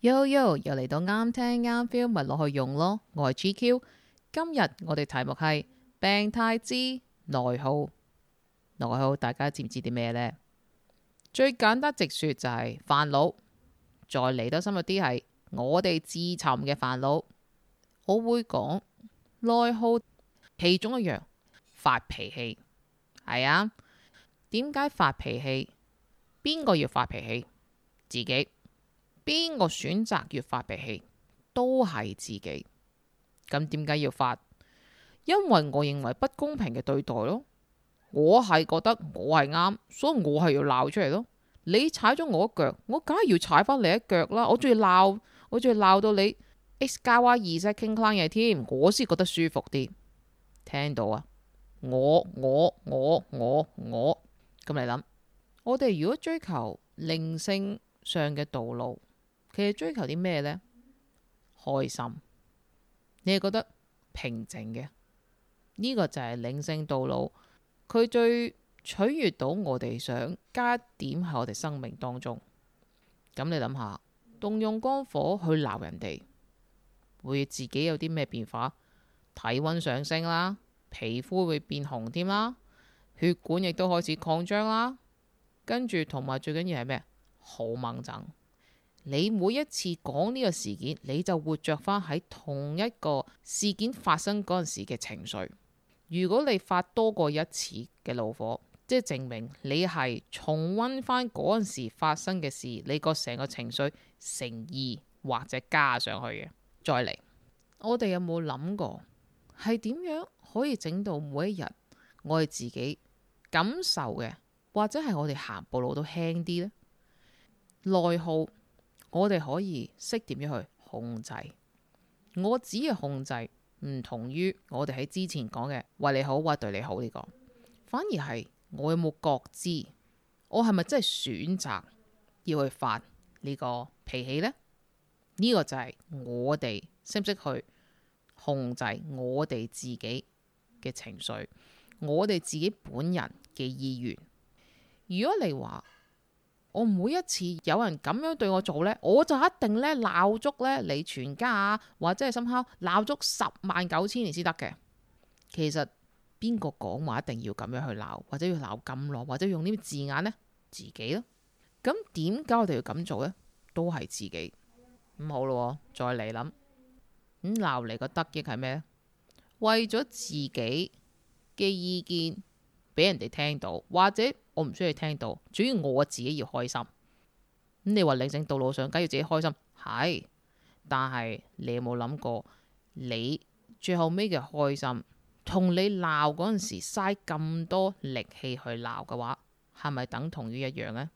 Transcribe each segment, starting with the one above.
Yo yo，又嚟到啱聽啱 feel，咪攞去用咯。我係 GQ，今日我哋題目係病態之內耗。內耗，大家知唔知啲咩呢？最簡單直說就係煩惱。再嚟得深入啲係我哋自尋嘅煩惱。我會講內耗其中一樣發脾氣，係啊？點解發脾氣？邊個要發脾氣？自己。邊個選擇越發脾氣都係自己，咁點解要發？因為我認為不公平嘅對待咯，我係覺得我係啱，所以我係要鬧出嚟咯。你踩咗我一腳，我梗係要踩翻你一腳啦。我仲要鬧，我仲要鬧到你 X 加 Y 二 Z 傾 clan 嘢添，我先覺得舒服啲。聽到啊，我我我我我，咁你諗，我哋如果追求靈性上嘅道路。其實追求啲咩呢？開心，你係覺得平靜嘅呢，這個就係靈性道路，佢最取悅到我哋想加一點喺我哋生命當中。咁你諗下，動用肝火去鬧人哋，會自己有啲咩變化？體溫上升啦，皮膚會變紅添啦，血管亦都開始擴張啦，跟住同埋最緊要係咩？好猛憎。你每一次講呢個事件，你就活着返喺同一個事件發生嗰陣時嘅情緒。如果你發多過一次嘅怒火，即係證明你係重溫翻嗰陣時發生嘅事，你個成個情緒乘二或者加上去嘅。再嚟，我哋有冇諗過係點樣可以整到每一日我哋自己感受嘅，或者係我哋行步路都輕啲呢？內耗。我哋可以識點樣去控制？我指嘅控制唔同於我哋喺之前講嘅為你好或對你好呢個，反而係我有冇覺知？我係咪真係選擇要去發呢個脾氣呢？呢個就係我哋識唔識去控制我哋自己嘅情緒，我哋自己本人嘅意願？如果你話，我每一次有人咁樣對我做呢，我就一定咧，鬧足咧你全家，或者係深刻鬧足十萬九千年先得嘅。其實邊個講話一定要咁樣去鬧，或者要鬧咁耐，或者用啲字眼呢？自己咯。咁點解我哋要咁做呢？都係自己。咁好啦，再嚟諗。咁、嗯、鬧你個得益係咩咧？為咗自己嘅意見。俾人哋聽到，或者我唔需要聽到，主要我自己要開心。咁你話理性道路上，梗要自己開心係，但係你有冇諗過，你最後尾嘅開心同你鬧嗰陣時嘥咁多力氣去鬧嘅話，係咪等同於一樣呢？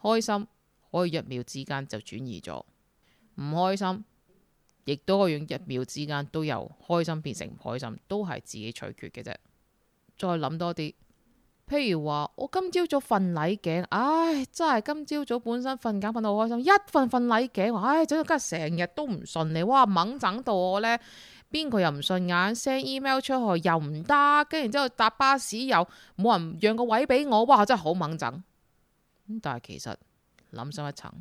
開心可以一秒之間就轉移咗，唔開心亦都可以一秒之間都由開心變成唔開心，都係自己取決嘅啫。再諗多啲，譬如話我今朝早瞓禮頸，唉，真係今朝早本身瞓覺瞓得好開心，一瞓瞓禮頸，話唉，整到今日成日都唔順利，哇，猛整到我呢，邊個又唔順眼，send email 出去又唔得，跟然之後搭巴士又冇人讓個位俾我，哇，真係好猛整。但係其實諗深一層，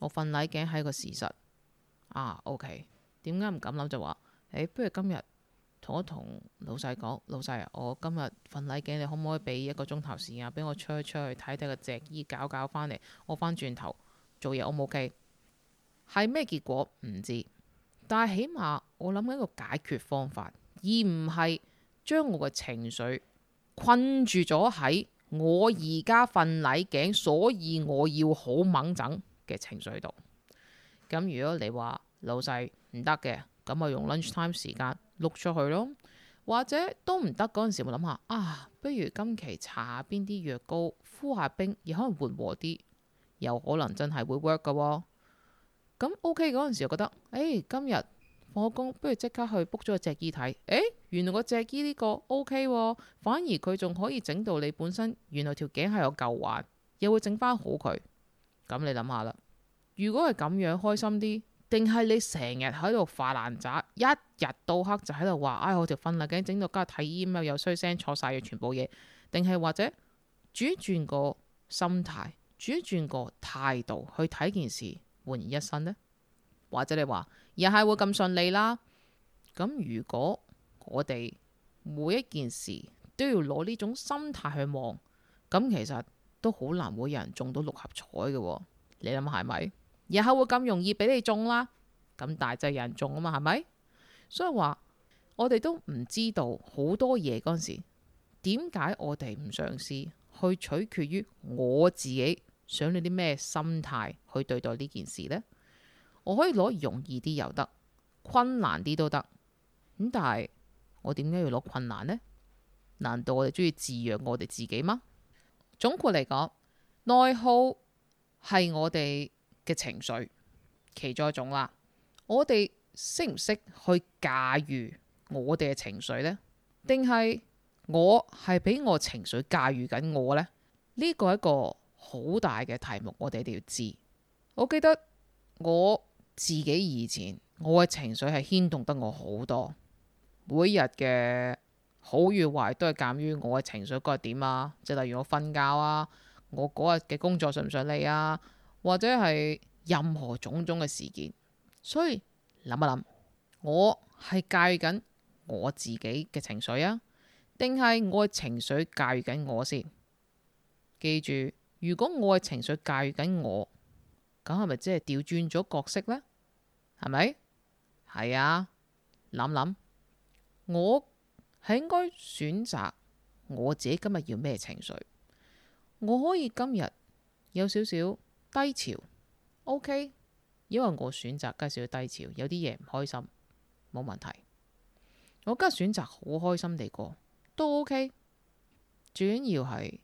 我瞓禮頸係一個事實啊，OK，點解唔敢諗就話，誒、欸，不如今日。同我同老細講，老細，我今日瞓禮頸，你可唔可以俾一個鐘頭時間俾我出一出去睇睇個隻衣，搞搞返嚟，我返轉頭做嘢，O 唔 O K？係咩結果唔知，但係起碼我諗緊一個解決方法，而唔係將我嘅情緒困住咗喺我而家瞓禮頸，所以我要好猛整嘅情緒度。咁如果你話老細唔得嘅，咁我用 lunch time 時間。錄出去咯，或者都唔得嗰陣時，我諗下啊，不如今期搽下邊啲藥膏敷下冰，而可能緩和啲，有可能真係會 work 噶。咁 OK 嗰陣時，又覺得誒、欸，今日放咗工，不如即刻去 book 咗隻醫睇。誒、欸，原來隻、這個借醫呢個 OK，反而佢仲可以整到你本身，原來條頸係有舊患，又會整翻好佢。咁你諗下啦，如果係咁樣，開心啲。定係你成日喺度發爛渣，一日到黑就喺度話，哎我條婚啦，驚整到家睇 email 又衰聲，錯晒嘅全部嘢。定係或者轉一轉個心態，轉一轉個態度去睇件事，換一身呢？或者你話又係會咁順利啦。咁如果我哋每一件事都要攞呢種心態去望，咁其實都好難會有人中到六合彩嘅喎。你諗下係咪？日後會咁容易俾你中啦，咁但係就有人中啊嘛，係咪？所以話我哋都唔知道好多嘢，嗰陣時，點解我哋唔嘗試去取決於我自己，想要啲咩心態去對待呢件事呢？我可以攞容易啲又得，困難啲都得，咁但係我點解要攞困難呢？難道我哋中意自虐我哋自己嗎？總括嚟講，內耗係我哋。嘅情緒，其中一種啦。我哋識唔識去駕馭我哋嘅情緒呢？定係我係俾我情緒駕馭緊我呢？呢個係一個好大嘅題目，我哋一定要知。我記得我自己以前，我嘅情緒係牽動得我好多，每日嘅好與壞都係鑒於我嘅情緒該係點啊。即係例如我瞓覺啊，我嗰日嘅工作順唔順利啊？或者係任何種種嘅事件，所以諗一諗，我係介意緊我自己嘅情緒啊，定係我嘅情緒介意緊我先？記住，如果我嘅情緒介意緊我，咁係咪即係調轉咗角色呢？係咪？係啊，諗諗，我係應該選擇我自己今日要咩情緒？我可以今日有少少。低潮，OK，因為我選擇介紹低潮，有啲嘢唔開心，冇問題。我梗係選擇好開心地過都 O K。最緊要係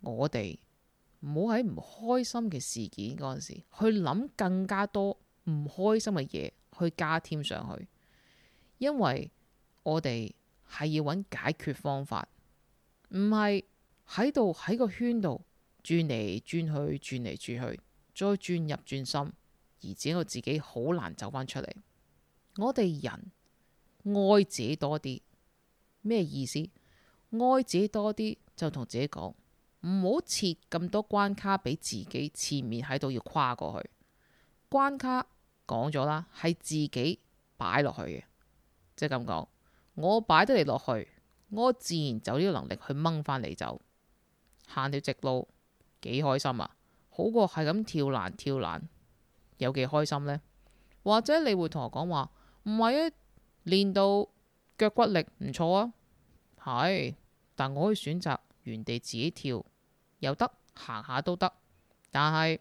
我哋唔好喺唔開心嘅事件嗰陣時去諗更加多唔開心嘅嘢去加添上去，因為我哋係要揾解決方法，唔係喺度喺個圈度轉嚟轉去，轉嚟轉去。轉再鑽入鑽心，而且我自己好難走返出嚟。我哋人愛自己多啲，咩意思？愛自己多啲就同自己講，唔好設咁多關卡俾自己，前面喺度要跨過去。關卡講咗啦，係自己擺落去嘅。即係咁講，我擺得你落去，我自然就有呢個能力去掹返你走，行條直路，幾開心啊！好過係咁跳欄跳欄，有幾開心呢？或者你會同我講話唔係啊？練到腳骨力唔錯啊，係，但我可以選擇原地自己跳又得，行下都得，但係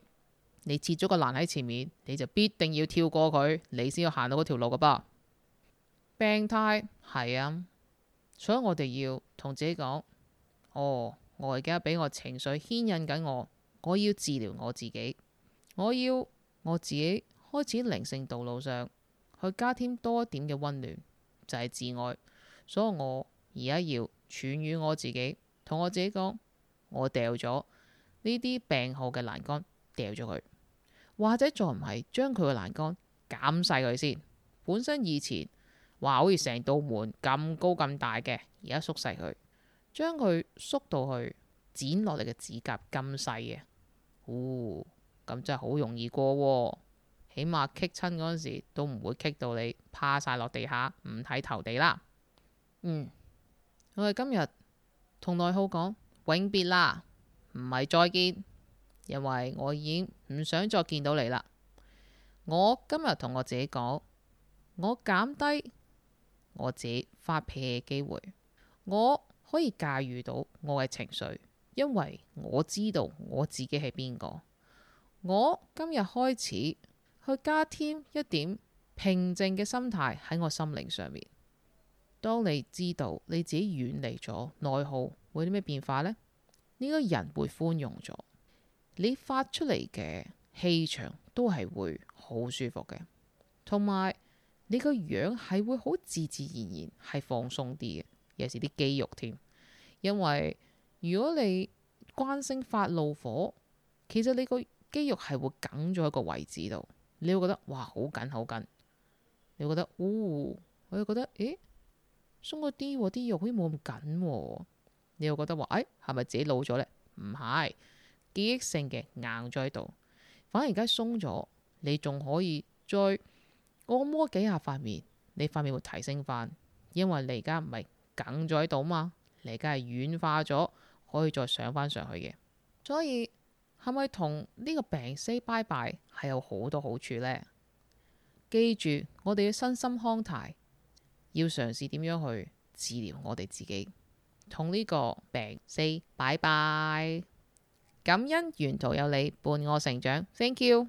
你設咗個欄喺前面，你就必定要跳過佢，你先要行到嗰條路㗎吧？病態係啊，所以我哋要同自己講：哦，我而家俾我情緒牽引緊我。我要治療我自己，我要我自己開始靈性道路上去加添多一點嘅温暖，就係自愛。所以我而家要喘與我自己，同我自己講，我掉咗呢啲病態嘅欄杆，掉咗佢，或者再唔係將佢嘅欄杆減細佢先。本身以前哇好似成道門咁高咁大嘅，而家縮細佢，將佢縮到去。剪落嚟嘅指甲咁細嘅，嗚、哦、咁真係好容易過喎、哦。起碼棘親嗰陣時都唔會棘到你趴晒落地下，五體投地啦。嗯，我哋今日同內耗講永別啦，唔係再見，因為我已經唔想再見到你啦。我今日同我自己講，我減低我自己發脾氣嘅機會，我可以駕馭到我嘅情緒。因為我知道我自己係邊個，我今日開始去加添一點平靜嘅心態喺我心靈上面。當你知道你自己遠離咗內耗，會有啲咩變化呢？呢個人會寬容咗，你發出嚟嘅氣場都係會好舒服嘅，同埋你個樣係會好自自然然係放鬆啲嘅，尤其啲肌肉添，因為。如果你慣性發怒火，其實你個肌肉係會梗咗喺個位置度，你會覺得哇好緊好緊，你會覺得哦，我又覺得咦，鬆咗啲，啲肉好似冇咁緊，你會覺得話誒係咪自己老咗咧？唔係，記憶性嘅，硬咗喺度，反而而家鬆咗，你仲可以再按摩幾下塊面，你塊面會提升翻，因為你而家唔係梗咗喺度嘛，你而家係軟化咗。可以再上返上去嘅，所以係咪同呢個病 say bye bye 係有好多好處呢？記住，我哋要身心康泰，要嘗試點樣去治療我哋自己，同呢個病 say bye bye。感恩沿途有你伴我成長，thank you。